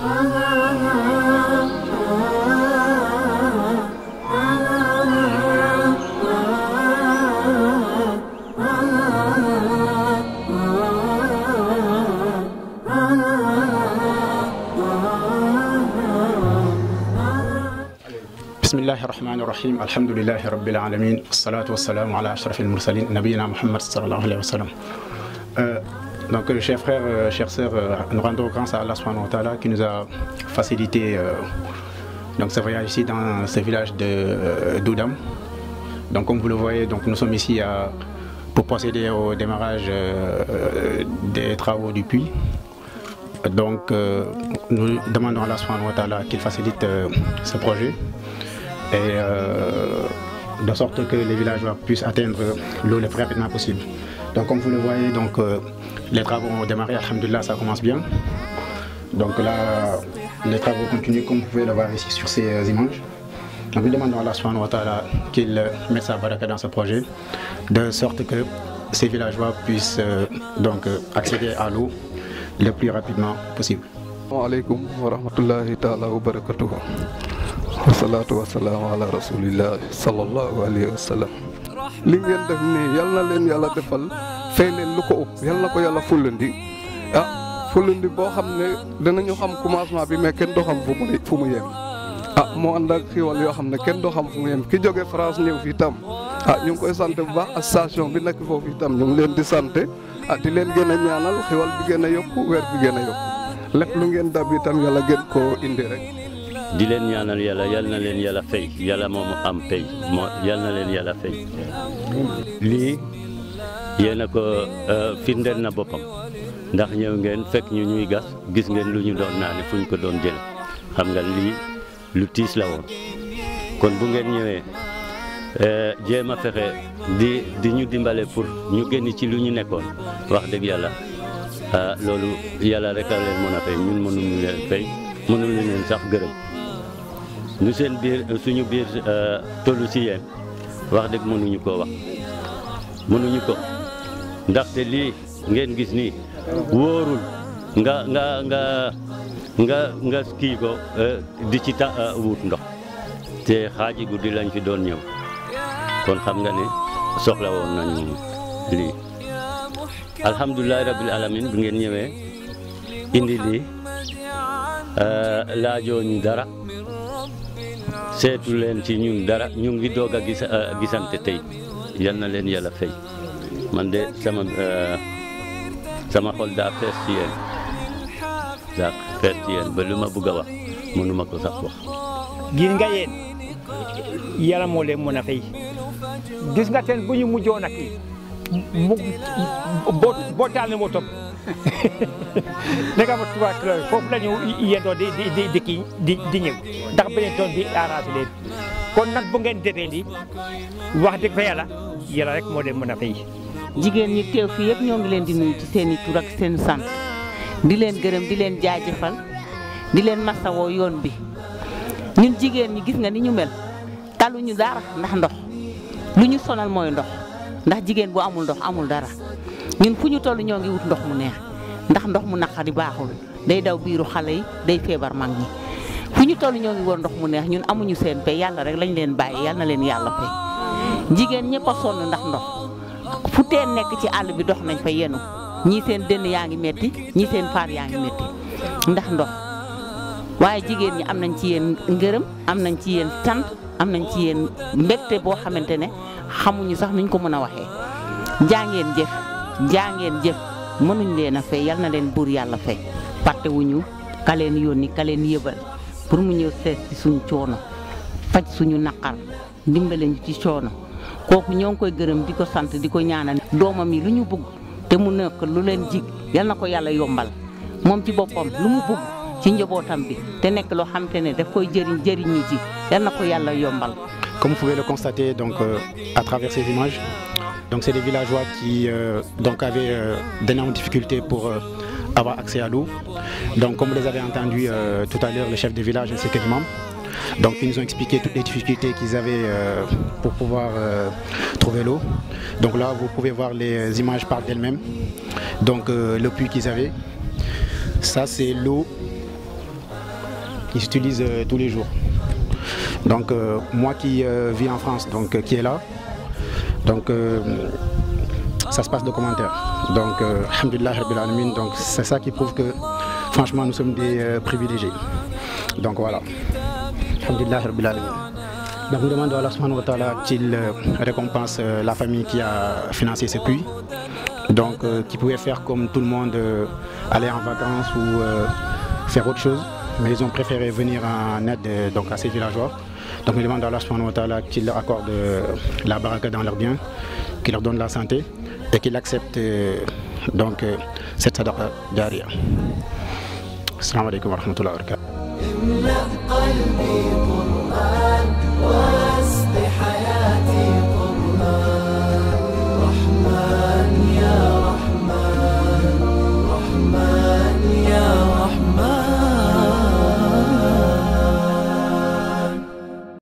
بسم الله الرحمن الرحيم الحمد لله رب العالمين والصلاة والسلام على أشرف المرسلين نبينا محمد صلى الله عليه وسلم Donc, chers frères, euh, chères sœurs, euh, nous rendons grâce à Allah SWT qui nous a facilité euh, ce voyage ici dans ce village de Doudam. Donc, comme vous le voyez, nous sommes ici pour procéder au démarrage des travaux du puits. Donc, nous demandons à la Ta'ala qu'il facilite ce projet et de sorte que les villageois puissent atteindre l'eau le plus rapidement possible. Donc comme vous le voyez, donc, euh, les travaux ont démarré, alhamdulillah, ça commence bien. Donc là, les travaux continuent comme vous pouvez le voir ici sur ces euh, images. Donc nous demandons à Allah subhanahu wa qu'il euh, mette sa baraka dans ce projet, de sorte que ces villageois puissent donc accéder à l'eau le plus rapidement possible. alaikum wa ta'ala wa Wa ala rasulillah sallallahu alayhi wa sallam. li ngeen def nii yal na leen yàlla defal fay leen lu ko ëpp yal na ko yàlla fulandi ah fulandi boo xam ne danañu xam commencement bi mais kenn doo xam fu mu fu mu yem ah moo ànd ak xiiwal yoo xam ne kenn doo xam fu mu yem ki jóge France ñëw fii tam ah ñu ngi koy sant bu baax station bi nekk foofu itam ñu ngi leen di sante ah di leen gën a ñaanal xiwal bu gën a yokku weer bi gën a yokku lépp lu ngeen dab itam yàlla gën koo indi rek di leen ñaanal yàlla yal na leen yàlla fay yàlla moom am pay moo yal na leen yàlla fay lii yéen a ko euh, firndeel na boppam ndax ñëw ngeen fekk ñu ñuy gas gis ngeen lu ñu doon naane fu ñu ko doon jële xam nga lii lu tiis la woon kon bu ngeen ñëwee euh, jéem a fexe di di ñu dimbale pour ñu génn ci lu ñu nekkoon wax dëgg yàlla euh, loolu yàlla rek a leen mën a fay ñun mënuñu leen fay mënuñu leen sax gërëm ñu seen biir suñu biir euh, tollu ci yeen wax dëgg mënuñu ko wax mënuñu ko ndaxte lii ngeen gis nii wóorul nga nga nga nga nga kii ko euh, di ci ta euh, wut ndox te xaaji guddi lañ fi doon ñëw kon xam nga ne soxla woon nañu lii alhamdulilahi rabil alamin bi ngeen ñëwee indi lii laajoo ñu dara seetu leen ci ñun dara ñu ngi doog a euh, gisante tey yal na leen yàlla fay man de sama euh, sama xol daa fees ci yéen daa fees ci yéen ba lu ma bëgg a wax mënuma ko sax wax. gis nga yéen yàlla moo leen mën a fay gis nga teen bu ñu mujjoo nag yi mu boo taal ne moo topp danga ma trois kilomètres foofu la ñu yendoo di di di kii ñëw ndax beneen tool bi arrangé leen kon nag bu ngeen defee lii wax dëgg fa yàlla yàlla rek moo leen mën a fay. jigéen ñi teew fi yëpp ñoo ngi leen di nuyu seeni seen i seen sant di leen gërëm di leen jaajëfal di leen masawoo yoon bi ñun jigéen ñi gis nga ni ñu mel taluñu dara ndax ndox lu ñu sonal mooy ndox ndax jigéen bu amul ndox amul dara. ñun fu ñu toll ñoo ngi wut ndox mu neex ndax ndox mu naqari baaxul day daw biiru xale yi day feebar mag ñi fu ñu toll ñoo ngi woon ndox mu neex ñun amuñu seen pay yàlla rek lañ leen bàyyi yàlla na leen yàlla fay jigéen ñëpp a sonn ndax ndox fu tee nekk ci àll bi dox nañ fa yenu ñii seen dënn yaa ngi metti ñii seen faar yaa ngi metti ndax ndox waaye jigéen ñi am nañ ci yéen ngërëm am nañ ci yéen tant am nañ ci yéen mbégte boo xamante ne xamuñu sax nuñ ko mën a waxee jaa jàngeen jëf mënuñ leen a fay yal na leen buur yàlla fay fàtte wuñu ka leen yónni kaleen leen yëbal pour mu ñëw seet si suñu coono faj suñu naqar dimbale ñu ci coono kooku ñoo ngi koy gërëm di ko sant di ko ñaanal. doomam yi lu ñu bugg te mu nekk lu leen jig yal na ko yàlla yombal moom ci boppam lu mu bugg ci njabootam bi te nekk loo xam te ne daf koy jëriñ jëriñu ñi ci yal na ko yàlla yombal. Comme vous pouvez le constater donc, euh, à travers ces images, donc c'est des villageois qui euh, donc avaient euh, d'énormes difficultés pour avoir accès à l'eau. Donc comme vous les avez entendus tout à l'heure, le chef de village ainsi que les membres, donc ils nous ont expliqué toutes les difficultés qu'ils avaient pour pouvoir trouver l'eau. Donc là vous pouvez voir les images par elles mêmes Donc le puits qu'ils avaient. Ça c'est l'eau qu'ils utilisent tous les jours. Donc euh, moi qui euh, vis en France, donc euh, qui est là, donc ça se passe de commentaires. Donc donc c'est ça qui prouve que franchement nous sommes des privilégiés. Donc voilà. donc nous demandons à Allah subhanahu wa qu'il récompense la famille qui a financé ce puits. Donc qui pouvait faire comme tout le monde, aller en vacances ou faire autre chose. Mais ils ont préféré venir en aide donc, à ces villageois. Donc je demande à Allah subhanahu wa ta'ala qu'il leur accorde euh, la baraka dans leurs biens, qu'il leur donne la santé et qu'il accepte euh, donc euh, cette sadaqa d'Aria. Assalamu alaikum wa rahmatullahi wa barakatuh.